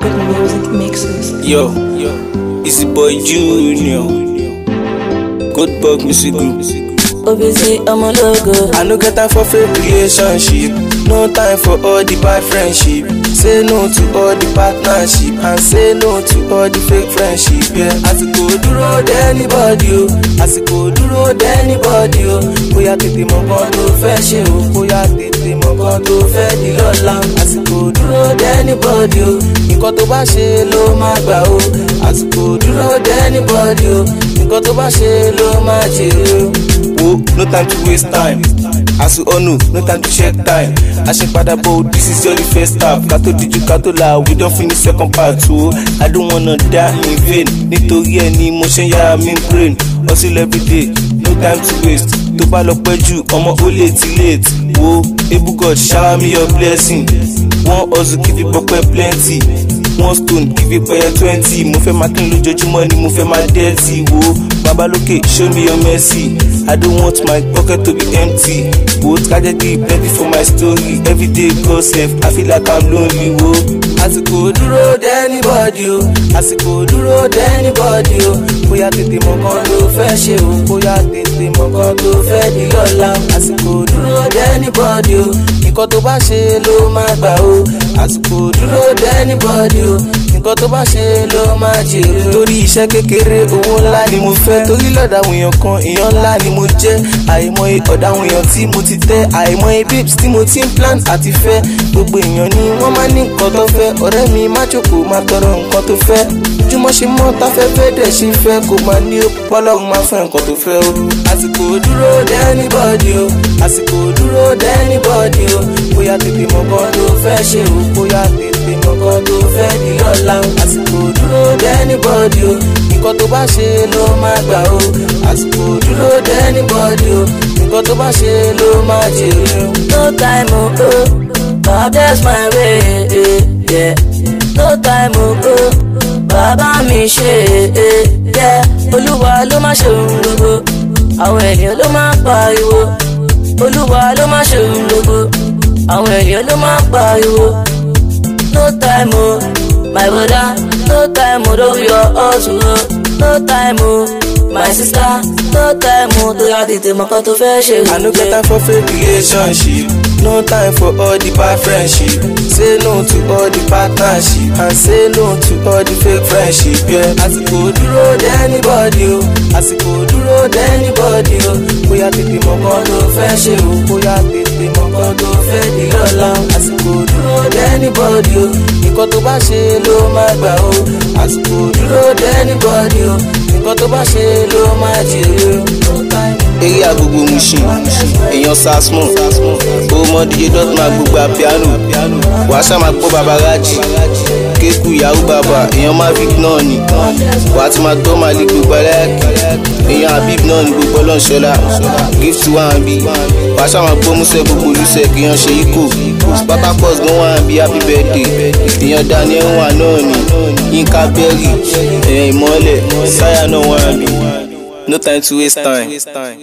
Music mixes. Yo, yo, it's the boy Junior. Good bug music group. Obviously, I'm a logo. I no get time for fake relationship. No time for all the bad friendship. Say no to all the partnership and say no to all the fake friendship. Yeah, as it go, do road anybody. As it go, dúró dẹ́ni bọ́dì o bóyá tètè mọ kan tó fẹ́ ṣe o bóyá tètè mọ kan tó fẹ́ di lọ́la àsìkò dúró dẹ́ni bọ́dì o nǹkan tó bá ṣe ló máa gbà o àsìkò dúró dẹ́ni bọ́dì o nǹkan tó bá ṣe ló máa jèrè o. wo no time to waste time as you all know no time to check time aṣepadabo this is your first half kato diju kato la we don finish second part o i don wanna die in vain nítorí ẹ ni mo ṣe ń mi brain hustle everyday no time to waste tó bá lọ pẹ́ jù ọmọ ó lè late wo able god shower me your blessing one hustle kìdí pọpẹ́ plenty one stone give ìpẹ́yẹ twenty mo fẹ́ máa kí n lójoojúmọ́ ni mo fẹ́ máa dẹ́ ti wo babalókè show me your mercy i don't want my pocket to be empty wo tragedy plenty for my story everyday go safe, i feel like i'm lonely wo. àsìkò dúró dé anybody o àsìkò dúró dé anybody o bóyá tètè mọ kan ló fẹ́ ṣe o bóyá tètè mọ kan ló fẹ́ di lọ́la àsìkò dúró dé anybody o nǹkan tó bá ṣe ló máa gbà o àsìkò dúró anybody o nǹkan tó bá ṣe ló máa jèrè torí iṣẹ́ kékeré owó ńlá ni mo fẹ́ torí lọ́dà àwọn èèyàn kan èèyàn ńlá ni mo jẹ́ àìmọye ọ̀dà àwọn èèyàn tí mo ti tẹ́ àìmọye babes tí mo ti ń plan àti fẹ́ gbogbo èèyàn ni wọ́n máa ní nǹkan tó fẹ́ ọ̀rẹ́ mi má jókòó má tọrọ nǹkan tó fẹ́ jùmọ̀ ṣe mọ́ táfẹ́fẹ́ dẹ̀ ṣe fẹ́ kó máa ní pọ́lọ́run máa fẹ́ nǹkan tó fẹ́ o àsìkò dúró dé anybody o àsìkò dúró dé anybody o bóyá tètè mọ̀ bọ́ọ̀lù fẹ́ ṣe òkú anybody o nǹkan tó bá ṣe ló máa gbà o àsìkò dúró de anybody o nǹkan tó bá ṣe ló máa jèrè o. no time o oh, oh, God bless my way eh, yeah. no time o oh, oh, bàbá mi ṣe eh, yeah. olúwa ló máa ṣe òun lógo àwọn ènìyàn ló máa pariwo olúwa ló máa ṣe òun lógo àwọn ènìyàn ló máa pariwo no time o my brother no time o oh, don't be your hustle o oh. no time o oh. my sister no time o tó yà tètè mọ̀ tó fẹ́ ṣe. i no get time for fake relationship no time for all the bad friendship say no to all the partnership and say no to all the fake friendship. àsìkò dúró de anybody o àsìkò dúró de anybody o bóyá tètè mọ̀ kan tó fẹ́ ṣe o bóyá tètè mọ̀ kan tó fẹ́ di ọ̀la anybody o nǹkan tó bá ṣe ló máa gbà o àsìkò dúró de anybody o nǹkan tó bá ṣe ló máa jèrè o. eré agogo mushin èèyàn sasmo ó mọ díje dọ́tún agbègbè àpiano wàá ṣàmà pọ́ babaraji kéku yahoo baba èèyàn má fi náà ni wàá ti máa gbọ́ màlí gbogbo aláyàkí èèyàn Habib náà ni gbogbo ọlọ́ọ̀ṣọ́lá gift one b wàṣà àwọn gbogbo olùsẹ̀ kì í yan ṣe ikú spartacus gan one b happy birthday èèyàn Daniel wà náà ni Yinka Berry èèyàn ìmọ̀lẹ̀ sáyà náà one b no time to waste time.